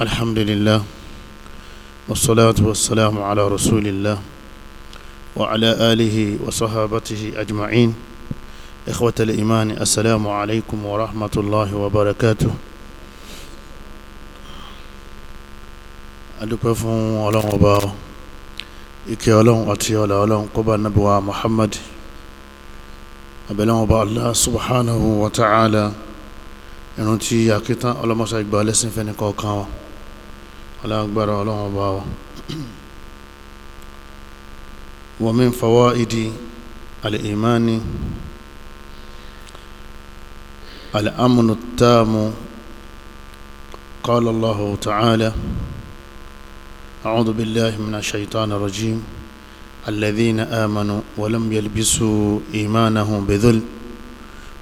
الحمد لله والصلاة والسلام على رسول الله وعلى آله وصحابته أجمعين إخوة الإيمان السلام عليكم ورحمة الله وبركاته adúpẹ́ fún ọlọ́run ọba ìkẹ́ ọlọ́run àti ọlá ọlọ́run kó bá nábì wa Muhammad abẹ́lẹ́wọ̀n ọba Allah subhanahu wa ta'ala irun tí akíntán ọlọ́mọṣà ìgbà lẹ́sìn fẹ́ni kọ̀ọ̀kan wọn alágbára أكبر ọba ọ ومن فوائد الإيمان الأمن التام قال الله تعالى أعوذ بالله من الشيطان الرجيم الذين آمنوا ولم يلبسوا إيمانهم بذل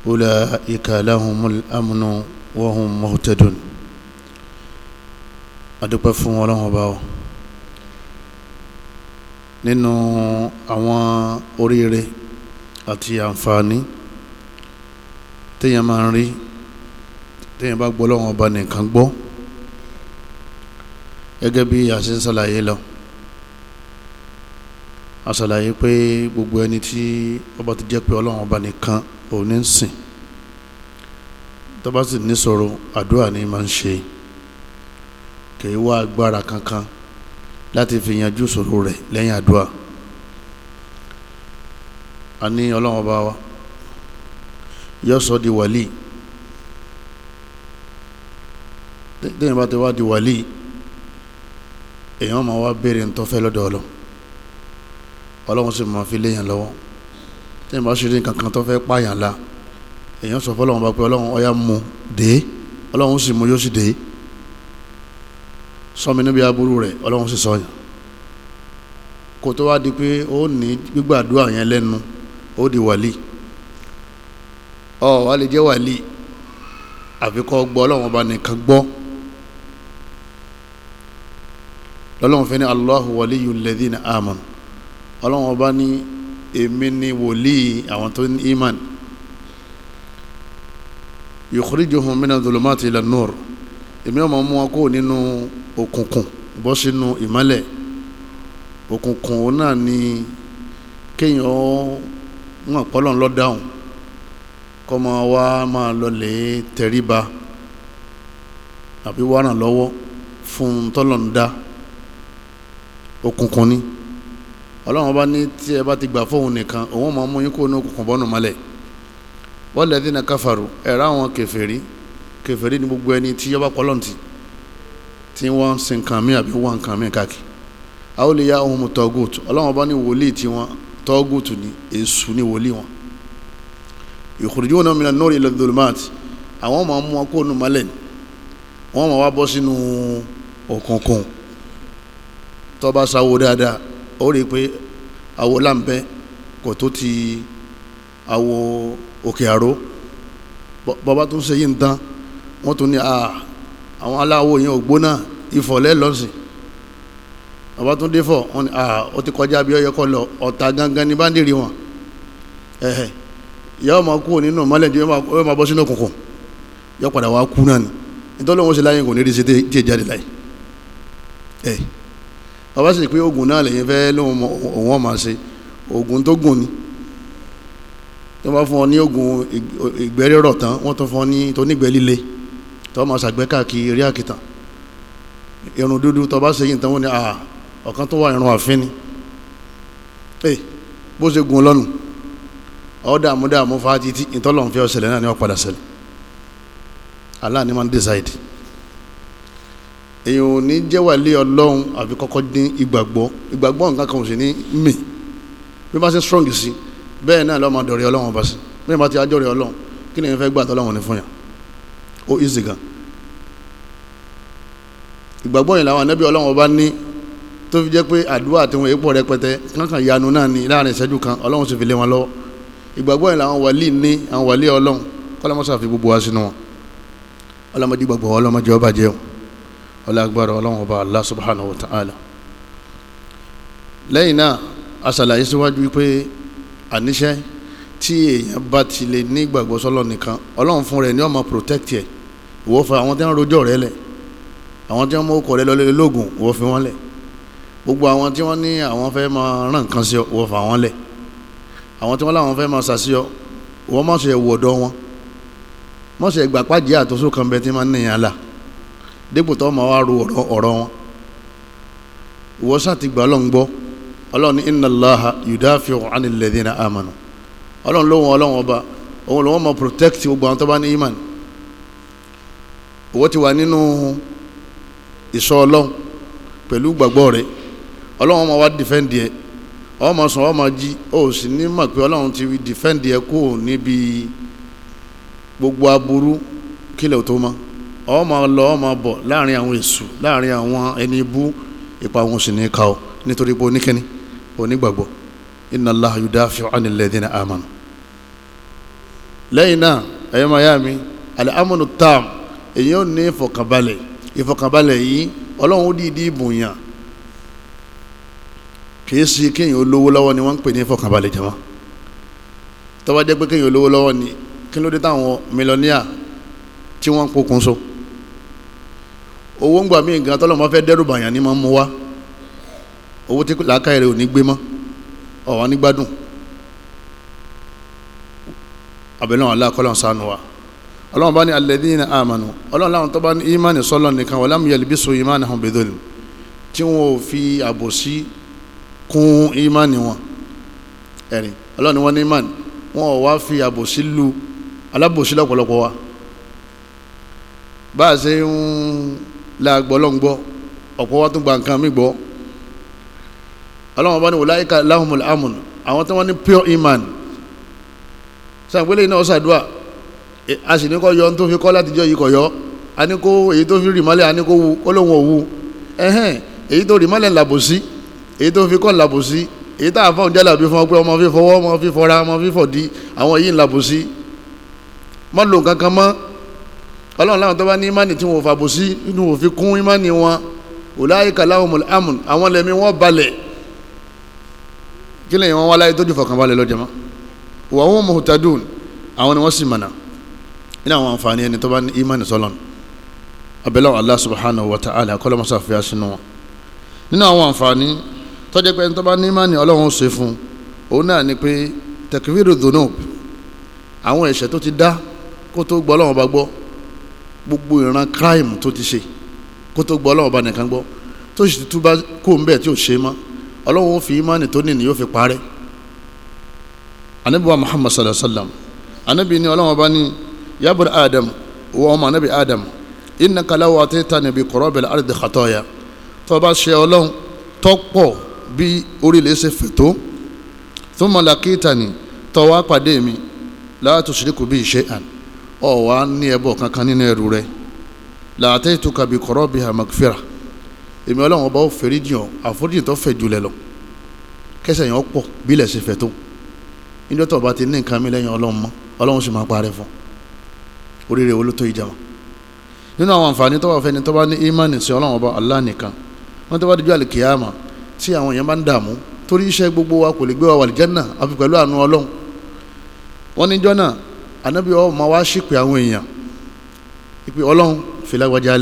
أولئك لهم الأمن وهم مهتدون adúpẹ́ fún ọlọ́run ọba o nínú àwọn oríire àti àǹfààní téèyàn máa ń rí téèyàn bá gbọ́ ọlọ́run ọba nìkan gbọ́ gẹ́gẹ́ bí a ṣe ń ṣàlàyé lọ a ṣàlàyé pé gbogbo ẹni tí ọba ti jẹ́ pé ọlọ́run ọba nìkan òun ní ń sìn tó bá sì ní sọ̀rọ̀ àdúrà ni máa ń ṣe kì í wá agbára kankan láti fi yanjú ṣòro rẹ̀ lẹ́yìn àdúrà a ní ọlọ́run ọba wa yóò sọ di wàlí tẹ́yìn bá ti wá di wàlí èèyàn máa wá béèrè ń tọ́fẹ́ lọ́dọ̀ ọlọ́run ọlọ́run sì máa fi léyàn lọ́wọ́ tẹ́yìn bá ṣe ní kankan tọ́fẹ́ pààyàn la èèyàn sọ fọlọ́run bá pé ọlọ́run ọyá mu dé ọlọ́run sì mu yóò sì dé sọmi níbi aburú rẹ̀ ọlọ́run sì sọyàn kò tó wá di pé ó ní gbígbàdúrà yẹn lẹ́nu ó di wàlí ọ wà lè jẹ́ wàlí àfikọ́ gbọ́ ọlọ́run ọba nìkan gbọ́ lọ́lọ́run fẹ́ ní Allahu waliyul ladhina amanu ọlọ́run ọba ní èmi ni wòlíì àwọn tó ní iman yukhrijuhum mina dhulumati ila nur èmi ọmọ mú wọn kó nínú òkùnkùn bọ́ sínú ìmọ́lẹ̀ òkùnkùn náà ni kéèyàn wọn pọ́lọ́ ń lọ dáhùn kọ́ máa wá máa lọlé tẹríba àbí wá ràn lọ́wọ́ fún tọ́lọ̀ ń dá òkùnkùn ni ọlọ́run bá ní tí ẹ bá ti gbà fóun nìkan òun máa mú yín kó ní òkùnkùn bọ́nù mọ́lẹ̀ wal ladhina kafaru ẹ̀rọ àwọn kèfèrí kèfèrí ni gbogbo ẹni tí yọba kọlọ́ǹtì tí wọ́n sin nǹkan mi àbí wọ́n nǹkan mi káàkiri awliya'uhum tọ́gùtù ọlọ́wọ́n bá ní wòlíì tí wọ́n tọ́gùtù ni èṣù ni wòlíì wọn yukhrijunahum minan nuri ila dhulumat àwọn máa mú wọn kó nu malẹ̀ ni wọ́n máa wá bọ́ sínú òkùnkùn tó bá sáwo dáadáa ó rí i pé àwo láǹbẹ́ kò tó ti àwo òkè àró bọ́bá tó ń ṣe yìí ń dán wọ́n tún ní àwọn aláwo yẹn ò gbóná ifọ̀ lẹ́lọ́sìn bàbá tún dé fọ̀ wọ́n ní ó ti kọjá bí ọyẹ kọ́ lọ ọ̀tá gangan ní báńdìrì wọn ẹ̀hẹ̀ ìyá ọmọ kú nínú mọ́lẹ̀ tí wọ́n máa bọ́ sínú òkùnkùn yọ padà wá kú náà ni nítorí wọn ṣe láyé kò ní rí sí tí ì jáde láyé ẹ̀ bàbá sì pé oògùn náà lẹ́yìn fẹ́ lóun òun máa ṣe oògùn tó gùn ni wọ́n bá fún ọ ní oògùn ìgbẹ́rẹ́rọ̀ tán wọ́n tún fún ọ ní tó nígbẹ́ líle tọ́ ma ṣàgbẹ́ káàkiri eré àkìtàn irun dúdú tọ́ bá ṣe yìí tán wọ́n ni àà ọ̀kan tó wà irun àfin ni Eh, bó ṣe gun lọ́nu ọ́ dààmú dààmú fa títí ìtọ́lọ̀ ń náà ni wọ́n padà ṣẹlẹ̀ Allah ni máa ń decide èèyàn ò ní jẹ́wàlé ọlọ́run àfi kọ́kọ́ dín ìgbàgbọ́ ìgbàgbọ́ nǹkan kan ò sì ní mì bí bá ṣe strong sí bẹ́ẹ̀ náà lọ́mọ dọ̀rẹ́ ọlọ́run ọba sí bẹ́ẹ̀ bá ti ajọ́rẹ́ ọlọ́run kí ni ẹ fẹ́ gbà tọ́lọ́run ní fún yàn ó easy gan ìgbàgbọ́ yìí làwọn anábì ọlọ́run ọba ní tó fi jẹ́ pé àdúrà àti wọn èèpọ̀ rẹpẹtẹ kankan yanu náà ní láàrin ìṣẹ́jú kan ọlọ́run sì fi lé wọn lọ́wọ́ ìgbàgbọ́ yìí làwọn wàlíì ní àwọn wàlíì ọlọ́run kọ́lọ́mọ́sá fi gbogbo wa sínú wọn ọlọ́mọdé gbàgbọ́ ọlọ́mọdé ọba jẹun ọlọ́gbàrá ọlọ́run ọba Allah subhanahu wa ta'ala lẹ́yìn náà asàlàyé síwájú pé àníṣẹ́ tí èèyàn bá ti lè ní ìgbàgbọ́ sọ́lọ́ nìkan ọlọ́run fún rẹ̀ ni ó máa protect ẹ̀ ìwọ fa àwọn tí wọ́n rojọ́ rẹ lẹ̀ àwọn tí wọ́n mọ̀ ọkọ̀ rẹ lọ́lẹ́ lóògùn ìwọ fi wọ́n lẹ̀ gbogbo àwọn tí wọ́n ní àwọn fẹ́ máa ràn nǹkan sí ọ ìwọ fa wọ́n lẹ̀ àwọn tí wọ́n láwọn fẹ́ máa ṣàṣeyọ ìwọ má ṣe wọ ọ̀dọ̀ wọn má ṣe gbà pàdé àtúnṣe kan bẹ tí máa ń nìyàn la dípò tó máa wá ro ọ̀rọ̀ wọn ìwọ sàtìgbà ọlọ́run gbọ́ ọlọ́run inna Allaha yudafi'u 'anil ladhina amanu ọlọ́run lóhun ọlọ́run ọba òun lòun mọ̀ protect gbogbo àwọn tó bá ní iman owó ti wà nínú ìṣọ́ ọlọ́run pẹ̀lú gbàgbọ́ rẹ ọlọ́run máa wá defend yẹ ọmọ sùn ọmọ jí ó sì ní mọ̀ pé ọlọ́run ti defend yẹ kó níbi gbogbo aburú kílẹ̀ tó mọ́ ọmọ lọ ọmọ bọ̀ láàrin àwọn èṣù láàrin àwọn ẹni bú ipa wọn sì ní ká ọ nítorí pé oníkẹ́ni onígbàgbọ́ inna Allah yudafi'u anil ladhina amanu lẹ́yìn náà ẹ̀yọ́ máa yá mi àlẹ́ amúnú tam èyí ò ní ìfọ̀kànbalẹ̀ ìfọ̀kànbalẹ̀ yìí ọlọ́run ó dìídì ìbùyàn kìí sí kéèyàn olówó lọ́wọ́ ni wọ́n ń pè ní ìfọ̀kànbalẹ̀ jẹ́ wọn jẹ́ pé kéèyàn olówó lọ́wọ́ ni kí ló dé táwọn mílíọ̀nìyà tí wọ́n ń pokùn so owó ń gbà mí nǹkan tọ́lọ́ máa fẹ́ dẹ́rù bàyàn ni máa ń mú wá owó tí làákàyèrè ò ní gbé mọ́ ọ̀wá nígbádùn abẹ́lẹ́ wọn aláàkọ́lọ́n sànù wa ọlọ́run bá ní alladhina amanu ọlọ́run láwọn tó bá ní ìmánì sọ́lọ́ nìkan wa lam yalbisu imanahum bidhulm tí wọn ò fi àbòsí kún ìmánì wọn ẹ̀rìn ọlọ́run wọn ní ìmánì wọn ò wá fi àbòsí lu alábòsí lọ́pọ̀lọpọ̀ wa bá a ṣe ń láàgbọ́ lọ́ngbọ́ ọ̀pọ̀ wa tún gba nǹkan mi gbọ́ ọlọ́run bá ní wòláyíká lahumul àwọn tí wọ́n ní pure iman sàpélé iná ọ̀sàdúà a sì ní kọ́ yọ tó fi kọ́ látijọ́ yìí kọ̀ yọ a kó èyí tó fi rì mọ́lẹ̀ a kó wu kó lóun ò wu ẹ̀hẹ́n èyí tó rì mọ́lẹ̀ làbòsí èyí tó fi kọ́ làbòsí èyí tá a fọ́n jẹ́ làbí fún ọ pé ọmọ fífọwọ́ ọmọ fífọra ọmọ fífọ̀dí àwọn yìí ń làbòsí mọ́ lò kankan mọ́ ọlọ́run láwọn tó bá ní ìmánì tí wọn ò fàbòsí inú òfin kún ìmánì wọn ulaika lahumul amn àwọn lẹ́mí wọn balẹ̀ kí lẹ́yìn wọn wá láyé tójú fọkànbalẹ̀ lọ́jọ́ mọ́ wa hum muhtadun àwọn ni wọ́n sì mọ̀nà iná àwọn àǹfààní ẹni tó bá ní imani sọlọ́n abẹ́lẹ́wọ̀n Allah subhanahu wa ta'ala kọ́lọ́mọ́sá fi aṣínú wọn nínú àwọn àǹfààní tó jẹ́ pé ẹni tó bá ní imani ọlọ́run ṣe fún òun náà ni pé takfiru dhunub àwọn ẹ̀ṣẹ̀ tó ti dá kó tó gbọ́ ọlọ́run bá gbọ́ gbogbo ìran crime tó ti ṣe kó tó gbọ́ ọlọ́run bá nìkan gbọ́ tó sì túbá kó ń bẹ̀ tí ò ṣe mọ́ ọlọ́run ó fi imani tó nìyí yóò fi parẹ́ anabi wa muhammad sallallahu alaihi wa sallam anabi ni ọlọ́wọ́n bá ní yabur adam wọ́n ọmọ anabi adam inna kala wa te ta níbi kọ̀rọ̀ bẹ̀rẹ̀ ardi xatọ́ya tó bá ṣe ọlọ́run tó pọ̀ bí orílẹ̀ ṣe fẹ̀ tó tó mọ̀ làkìtà ni tó wá mi láti ṣìríkù bí ṣe àn ọ̀ wá ní ẹbọ kankan nínú ẹrù rẹ làtẹ́ ìtukà bí kọ̀rọ̀ bí hamakfira èmi ọlọ́run ọba ó fẹ́rí jìn ọ́ àforíjìn tó fẹ̀ jùlẹ̀ lọ kẹsẹ̀ yẹn ó pọ̀ bí ilẹ̀ ṣe fẹ̀ tó níjọ́ tó bá ti ní nǹkan mi lẹ́yìn ọlọ́run mọ́ ọlọ́run sì máa parẹ́ fún oríire wo ló tó ìjàmọ́ nínú àwọn àǹfààní tó wà fẹ́ni tó bá ní ìmánì sí ọlọ́run ọba Allah nìkan wọ́n tó bá dijọ́ àlìkìyàmà tí àwọn èèyàn bá ń dààmú torí iṣẹ́ gbogbo wa kò lè gbé wa wà lìjẹ́ náà àfi pẹ̀lú àánú ọlọ́run wọ́n níjọ́ náà anábì ọ máa wá ṣìpè àwọn èèyàn ìpè ọlọ́run fìlágbájá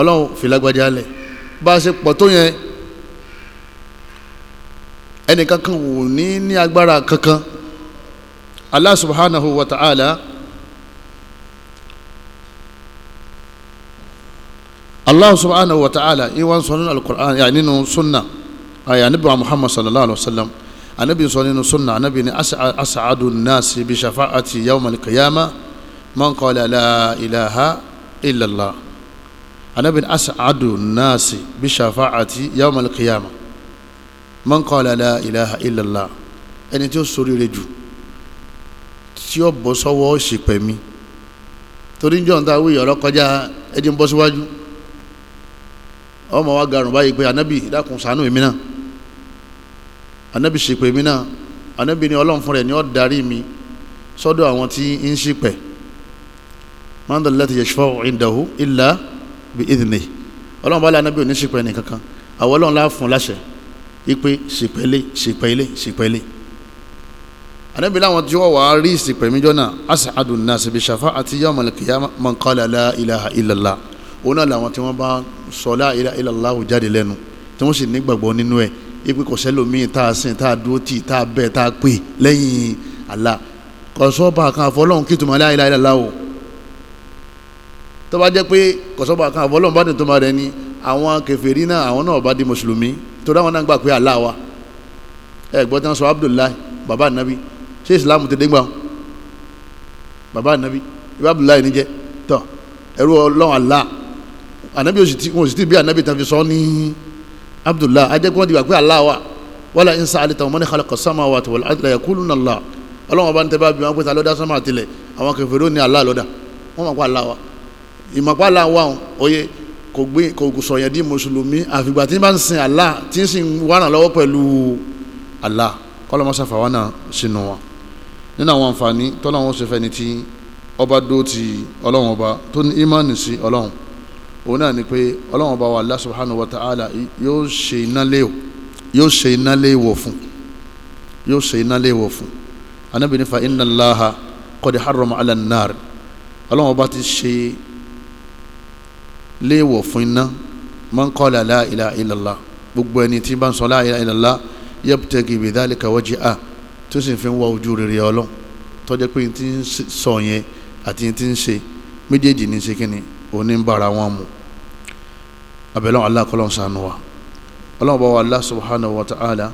ọlọ́run fìlágbájá bá a ṣe pọ̀ tó yẹn ẹnìkankan wò ní ní agbára kankan Allah subhanahu wa ta'ala Allah subhanahu wa ta'ala iwọn sọ nínú al-Qur'an yà nínú sunna àyà níbi wa Muhammad sallallahu alaihi wa sallam anabi sọ nínú sunna anabi ni asaadu nnaasi bi shafaati yawma alqiyama man qala la ilaha illallah anabi ni asaadu bi shafaati yawma alqiyama man qala la ilaha illallah ẹni tí ó ṣoríire jù tí ó bọ́ sọ́wọ́ ìṣìpẹ̀ mi torí ń jọ̀ǹda wí ọ̀rọ̀ kọjá ẹni ń bọ́ síwájú ọmọ wa garùn báyìí pé anabi dákun ṣàánú èmi náà anabi ṣìpẹ̀ èmi náà anabi ni ọlọ́run fún rẹ̀ ni ó darí mi sọ́dọ̀ àwọn tí ń ṣìpẹ̀ man dhallati yashfa'u indahu illa bi idhnihi ọlọ́run bá lé anabi ò ní ṣìpẹ̀ nìkankan àwọn ọlọ́run lá fún láṣẹ ipe ṣèpẹ́lẹ́ ṣèpẹ́lẹ́ ṣèpẹ́lẹ́ anabi láwọn tí wọ́n wà á rí ìsìnkú ẹ̀mí jọ́nà as'adun nas bi shafa'ati yawmal qiyamah man qala la ilaha illallah òun náà làwọn tí wọ́n bá sọ la ilaha illallah jáde lẹ́nu tí wọ́n sì nígbàgbọ́ nínú ẹ̀ ipe kò sẹ́lòmíì tá a sìn tá a dúró tì tá a bẹ̀ tá a pè lẹ́yìn Allah kọ̀sọ́ba kan àfọlọ́hún kí tuma la ilaha illallah o tó jẹ́ pé kọ̀sọ́ba kan àfọlọ́hún bá dùn tó ma rẹ ni àwọn kèfèrí náà àwọn náà bá di mùsùlùmí torí àwọn náà gbà pé Allah wa ẹ gbọ́ tí wọ́n sọ Abdullahi baba anabi ṣé Islam ti dé gbà wọn baba anabi ibi Abdullahi ni jẹ tọ ẹrú ọlọ́run Allah anabi wọn sì ti bí anabi tàbí sọ ní Abdullahi ajẹ́ kí wọ́n ti gbà pé Allah wa wala in sa'altahum man khalaqa as-samawati wal arda yaquluna Allah ọlọ́run ọba ń tẹ́ bá bí wọn pé ta lọ́dá sọ́mà tilẹ̀ àwọn kèfèrí ní Allah lọ́dá wọ́n mọ̀ pé Allah wa ìmọ̀ pé Allah wa òye kò gbé kò sọ̀yẹ̀ di mùsùlùmí àfìgbà tí n bá ń sin Allah tí n sì ń wà lọ́wọ́ pẹ̀lú Allah kọ́lọ́mọ́sá fàwọn náà sínú wa nínú àwọn àǹfààní tọ́lọ́wọ́n ṣe fẹ́ni tí ọba dó ti ọlọ́run ọba tó ní ìmánì sí ọlọ́run òun náà ni pé ọlọ́run ọba wa Allah subhanahu wa ta'ala yóò ṣe iná léwò fún yóò ṣe iná léwò fún anábìnrin fa inna Allaha qad harrama ala an-nar ọlọ́run ọba ti ṣe léèwọ̀ fún iná man qala la ilaha illallah gbogbo ẹni tí bá ń sọ la ilaha illallah yabtagi bidhalika wajha tó sì fi ń wá ojú rere ọlọ́run tó jẹ́ pé n ti ń sọ yẹn àti n ti ń ṣe méjèèjì ní ṣe kínni òní ń bára wọn mu abẹ́lẹ́ Allah sànù wa ọlọ́run bá wa Allah subhanahu wa ta'ala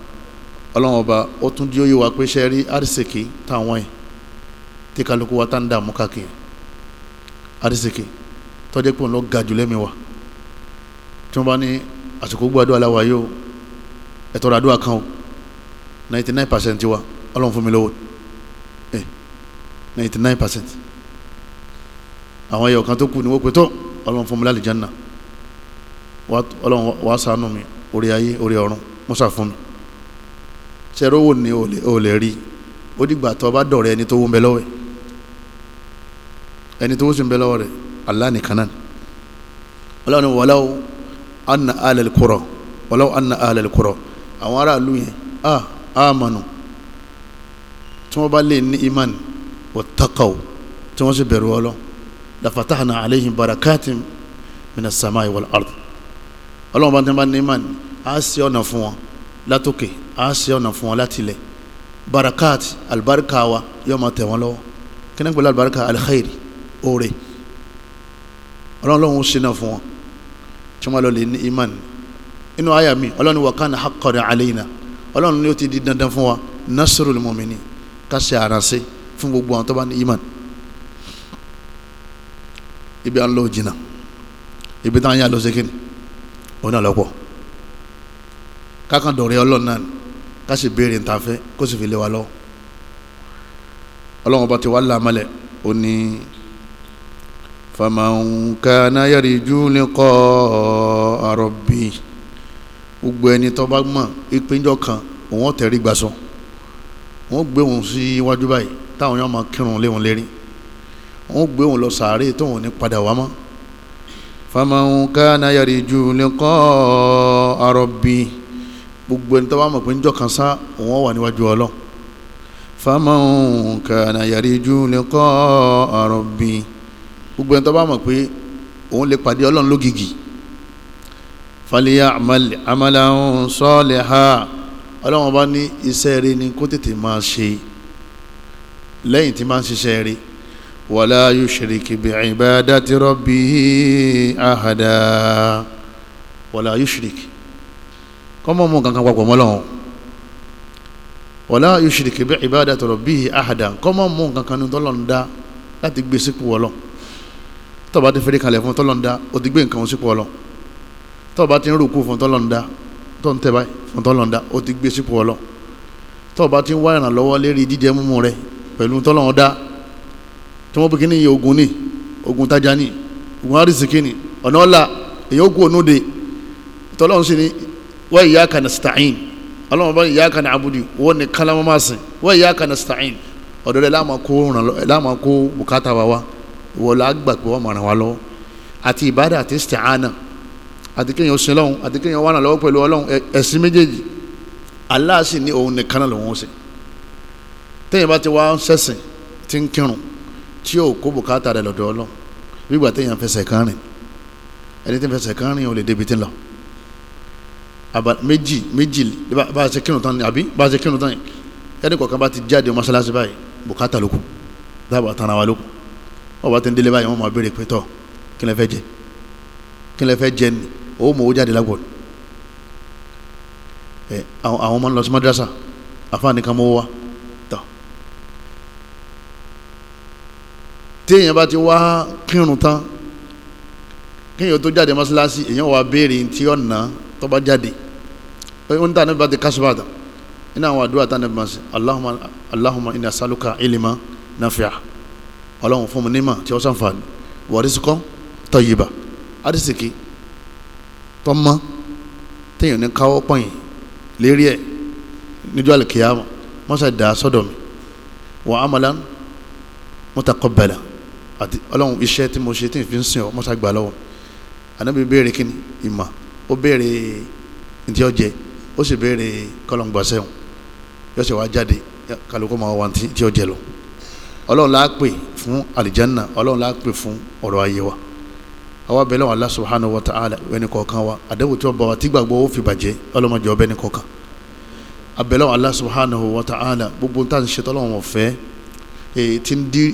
ọlọ́run ọba ó tún di òye pé ṣe rí àrísìkì táwọn yìí tí kálukú wa tá ń dààmú káàkiri àrísìkì tọ́jẹ́ pé òun lọ ga jù lẹ́mìí wa tí wọ́n bá ní àsìkò gbàdúrà aláwa yóò ẹ̀tọ́ àdúrà kan o ninety nine percent wa ọlọ́run fún mi lọ́wọ́ ẹ̀ eh, ninety nine percent àwọn ẹ̀yọ̀ kan tó kù ní wọ́n pe tọ́ ọlọ́run fún mi lálẹ́ jẹ́nà ọlọ́run wàá sànù mi orí ayé orí ọ̀run musa fún mi ṣẹ́rọ wò ni o lè rí ó dìgbà tó o bá dọ̀rẹ́ ẹni tó wù ń bẹ lọ́wọ́ ẹ̀ ẹni tó wù sí ń bẹ lọ́wọ́ rẹ̀ Allah nìkan náà ọlọ́run ni walaw anna alal qura walaw anna alal qura àwọn aráàlú yẹn a amanu tí wọ́n bá lè ní iman wattaqaw tí wọ́n sì bẹ̀rù ọlọ́ la fatahna alayhim barakatim minas samai wal ard ọlọ́run bá ti bá ní iman a ṣe ọ̀nà fún wọn látòkè a ṣe ọ̀nà fún wọn látìlẹ̀ barakat albarka wa yóò máa tẹ̀ wọ́n lọ́wọ́ kí ni pẹ̀lú albarka alkhairi oore ọlọ́run lọ́hún ṣínà fún wọn tí wọ́n lọ lè ní iman inú àyà mi ọlọ́run wà kánà haqqan alayna ọlọ́run ni ó ti di dandan fún wa nasrul mu'minin ká ṣe àránṣe fún gbogbo àwọn tó bá ní iman ibi à ń lọ jìnnà ibi táwọn yà lọ sí kíni òun náà lọ́pọ̀ kákan dọ̀rẹ́ ọlọ́run náà ká sì béèrè ń ta fẹ́ kó sì fi lé wa lọ ọlọ́run ọba ti wá láàmọ́lẹ̀ ó ní faman kana yarju liqa'a rabbi gbogbo ẹni tó bá mọ̀ ìpéjọ kan òun tẹ̀rí gbàsọ wọ́n gbé òun sí iwájú báyìí táwọn yóò máa kírun léwọn lérí wọ́n gbé òun lọ sàárè tóun ní padà wá mọ́ faman kana yarju liqa'a rabbi gbogbo ẹni tó bá mọ̀ pé kan sá òun wà níwájú Ọlọ́run faman kana yarju liqa'a rabbi gbogbo ẹni tó bá mọ̀ pé òun lè pàdé ọlọ́run lógìgì fàlíyà àmàlàhùn sọ́ọ̀lẹ̀ ha ọlọ́run bá ní iṣẹ́ rẹ ni kó tètè máa ṣe lẹ́yìn tí máa ń ṣiṣẹ́ rẹ wàlá yushrik bi ibadati rabbihi ahada wàlá yushrik kọ́mọ́ mú kankan papọ̀ mọ́ Ọlọ́run wàlá yushrik bi ibadati rabbihi ahada kọ́mọ́ mú kankan ní tọ́lọ́run dá láti gbé sípò Ọlọ́run tó bá ti fẹ́rí kalẹ̀ fún tọ́lọ́ndá ó ti gbé nǹkan sípò ọlọ tó bá ti ń rúkú fún tọ́lọ́ndá tó ń tẹ̀bá fún tọ́lọ́ndá ó ti gbé sípò ọlọ tó bá ti ń wá ìrànlọ́wọ́ lérí jíjẹ mímu rẹ pẹ̀lú tọ́lọ́ndá tí wọ́n bí kíní ogun ní ogun tajà ní ogun arísìkí ní ọ̀nà ọ̀la èyí ó kú ònúde tọ́lọ́run sì ni wa iyyaka nasta'in ọlọ́run bá iyyaka na'budu wọ́n ní kálámọ́ máa sìn wa iyyaka nasta'in ọ̀dọ́ rẹ̀ láàmà kó bùkátà wa wá ìwọ la gbà pé wọ́n mọ̀ràn wa lọ́wọ́ àti ìbádà àti isti'ana àti kéèyàn ó sin lọ́hùn àti kéèyàn wà náà lọ́wọ́ pẹ̀lú ọlọ́hùn ẹ̀sìn méjèèjì Allah sì ní òun nìkan náà lòun ó sìn téèyàn bá ti wá sẹ́sìn tí ń kírun tí yóò kó bùkátà rẹ̀ lọ́dọ̀ ọlọ́hùn gbígbà téèyàn fẹsẹ̀ kan rìn ẹni tí ń fẹsẹ̀ kan rìn ò lè débi tí ń lọ méjì méjì bá a ṣe kírun tán ni àbí bá a ṣe kírun tán wọ́n bá ti ń délé báyìí wọ́n máa béèrè pé tọ́ kí lẹ fẹ́ jẹ kí lẹ fẹ́ jẹ ni owó mọ̀ owó jáde lágbo ni ẹ àwọn ọmọ lọ sí madrasa àfáàní kan mọ́ wá tọ́ téèyàn bá ti wá kírun tán kéèyàn tó jáde mọ́sálásí èèyàn wà béèrè tí ọ̀nà tó bá jáde ohun tí a níbi bá ti kásùbà dà nínú àwọn àdúrà tá a níbi máa ṣe Allahumma Allahumma saluka ilima nafi'a ọlọ́run fún mi nímọ̀ tí ó sànfàní wọ̀rísíkọ́ tọ̀yìbà àdìsíkì tọ́mọ́ téèyàn ní káwọ́ pọ̀yìn lérí ẹ̀ níjọ́ àlùkìyàmọ̀ mọ́sá dà sọ́dọ̀ mi wà á mọ̀lá mutaqabbala àti ọlọ́run iṣẹ́ tí mo ṣe tí n fi ń sìn ọ́ mọ́sá gbà lọ́wọ́ ànábi béèrè kíni ìmọ̀ ó béèrè ntí ọjẹ ó sì béèrè kọlọ̀ǹgbàsẹ́wọ̀n yọ̀ọ́sẹ̀ wá ọlọ́run láà fún àlìjánná ọlọ́run la pè fún ọ̀rọ̀ ayé wa àwa bẹ̀rẹ̀ wọn Allah subhanahu wa ta'ala ẹni kọ̀ọ̀kan wa àdéhùn tí wọ́n bá wa tí gbàgbọ́ ó fi bàjẹ́ ọlọ́mọdé ọbẹ̀ ẹni kọ̀ọ̀kan abẹ́lẹ́ wọn Allah subhanahu wa ta'ala gbogbo tá à ń ṣe tọ́lọ́wọ́n ọ̀fẹ́ tí ń jẹ́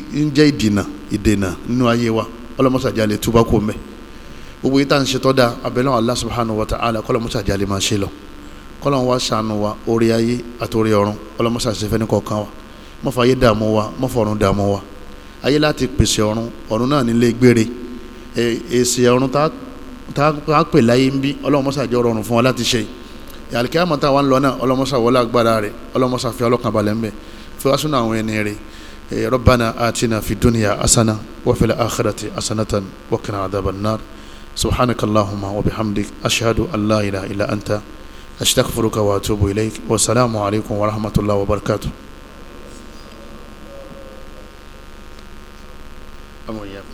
ìdènà ìdènà nínú ayé wa ọlọ́mọsàjálẹ̀ túbá kò mẹ́ gbogbo yìí tá à ń ṣe tọ́da abẹ́lẹ́ wọn Allah subhanahu wa ta'ala kọ́lọ́mọsàjálẹ̀ máa ṣe lọ kọ́lọ́wọ́n wa ṣàánú wa orí ayé àtòrí ọ̀run ọlọ́mọsàṣẹ́fẹ́ ní kọ̀ọ̀kan wa mọ́fà ayé dààmú wa mọ́fà ọ̀run dààmú wa ayé láti pèsè ọ̀run ọ̀run náà nílé gbére èsì ọ̀run tá a pè láyé ń bí ọlọ́mọṣà jẹ́ rọrùn fún wa láti ṣe àlìkíyàmọ̀ tá a wà ń lọ náà ọlọ́mọṣà wọlé agbára rẹ̀ ọlọ́mọṣà fi ọlọ́kàn balẹ̀ ń bẹ̀ fi wá sínú àwọn ẹni rẹ̀ ربنا آتنا في الدنيا حسنة وفي الآخرة حسنة وقنا عذاب النار سبحانك اللهم وبحمدك أشهد أن لا إله إلا أنت أستغفرك وأتوب إليك والسلام عليكم ورحمة الله وبركاته Oh, yeah.